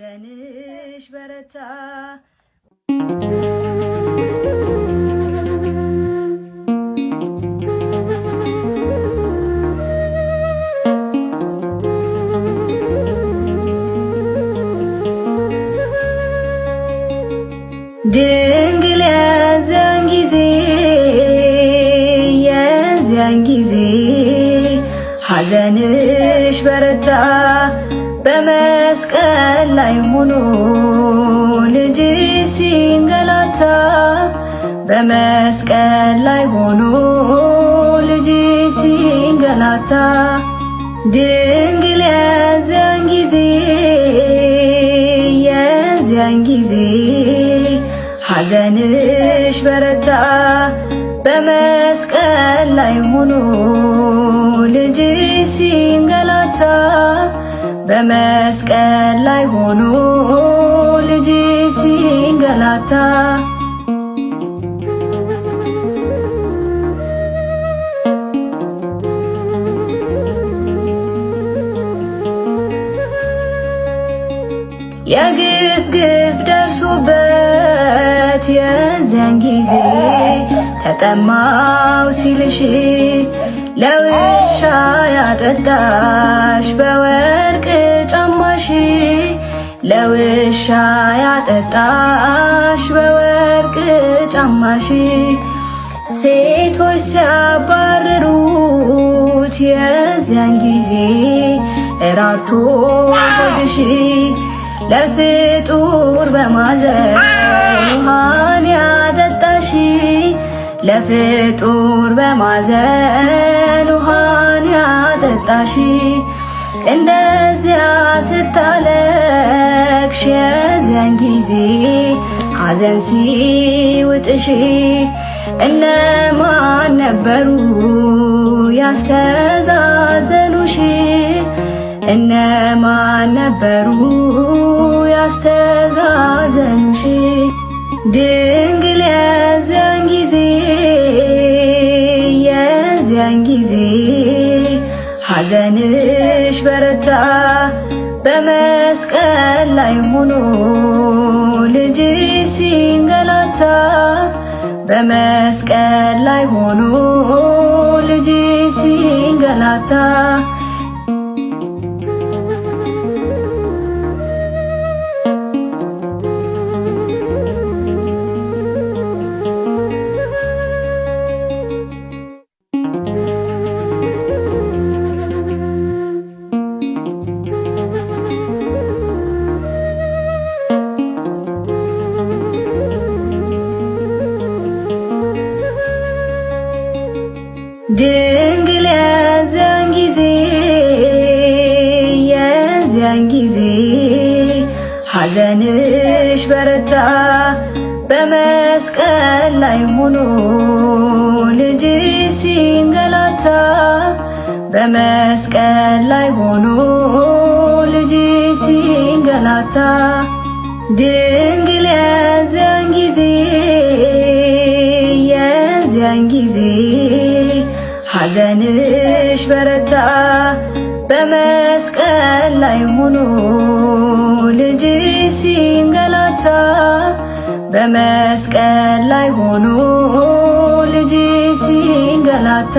بعدنيش برتا Dengile zengizi, ye zengizi, hazeniş berta. በመስቀል ላይ ሆኖ ልጅ ሲንገላታ በመስቀል ላይ ሆኖ ልጅ ሲንገላታ ድንግል የዚያን ጊዜ የዚያን ጊዜ ሐዘንሽ በረታ በመስቀል ላይ ሆኖ ልጅ በመስቀል ላይ ሆኖ ልጅ ሲንገላታ የግፍ ግፍ ደርሶበት የዚያን ጊዜ ተጠማው ሲልሽ ለውሻ ያጠጣሽ በወርቅ ጫማሽ ለውሻ ያጠጣሽ በወርቅ ጫማሽ ሴቶች ሲያባረሩት የዚያን ጊዜ እራርቶ ሆድሽ ለፍጡር በማዘን ውሃን ያጠጣሽ ለፍጡር በማዘን ውሃን ያጠጣሽ እንደዚያ ስታለቅሽ የዚያን ጊዜ ሐዘን ሲውጥሽ እነማን ነበሩ ያስተዛዘኑሽ? እነማን ነበሩ ያስተዛዘኑሽ? ድንግል የዚያን ባየን ጊዜ ሐዘንሽ በረታ። በመስቀል ላይ ሆኖ ልጅሽ ሲንገላታ፣ በመስቀል ላይ ሆኖ ልጅሽ ሲንገላታ ድንግል የዚያን ጊዜ የዚያን ጊዜ ሐዘንሽ በረታ በመስቀል ላይ ሆኖ ልጅ ሲንገላታ በመስቀል ላይ ሆኖ ልጅ ሲንገላታ ድንግል የዚያን ጊዜ የዚያን ጊዜ ሐዘንሽ በረታ በመስቀል ላይ ሆኖ ልጅ ሲንገላታ በመስቀል ላይ ሆኖ ልጅ ሲንገላታ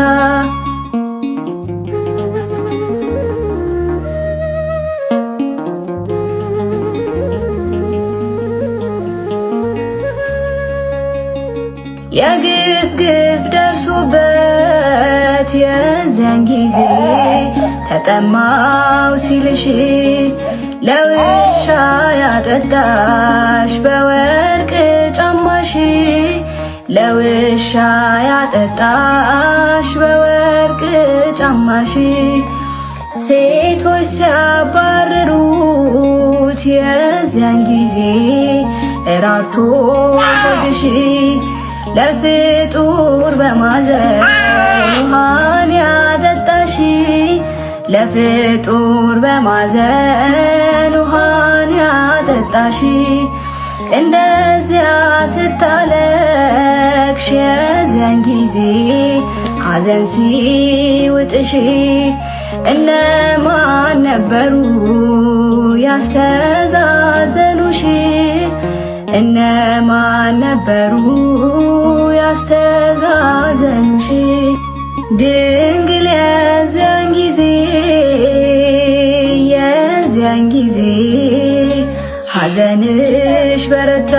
የግፍ ግፍ ደርሶበት በት የዚያን ጊዜ ተጠማው ሲልሽ ለውሻ ያጠጣሽ በወርቅ ጫማሽ ለውሻ ያጠጣሽ በወርቅ ጫማሽ ሴቶች ሲያባረሩት የዚያን ጊዜ እራርቶ ሆድሽ ለፍጡር በማዘን ውሃን ያጠጣሽ ለፍጡር በማዘን ውሃን ያጠጣሽ እንደዚያ ስታለቅሽ የዚያን ጊዜ ሐዘን ሲውጥሽ እነማን ነበሩ ያስተዛዘኑሽ? እነማን ነበሩ ያስተዛዘንሽ ድንግል የዚያን ጊዜ የዚያን ጊዜ ሐዘንሽ በረታ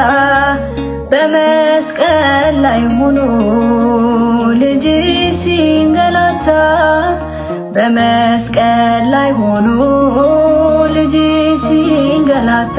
በመስቀል ላይ ሆኖ ልጅ ሲንገላታ በመስቀል ላይ ሆኖ ልጅ ሲንገላታ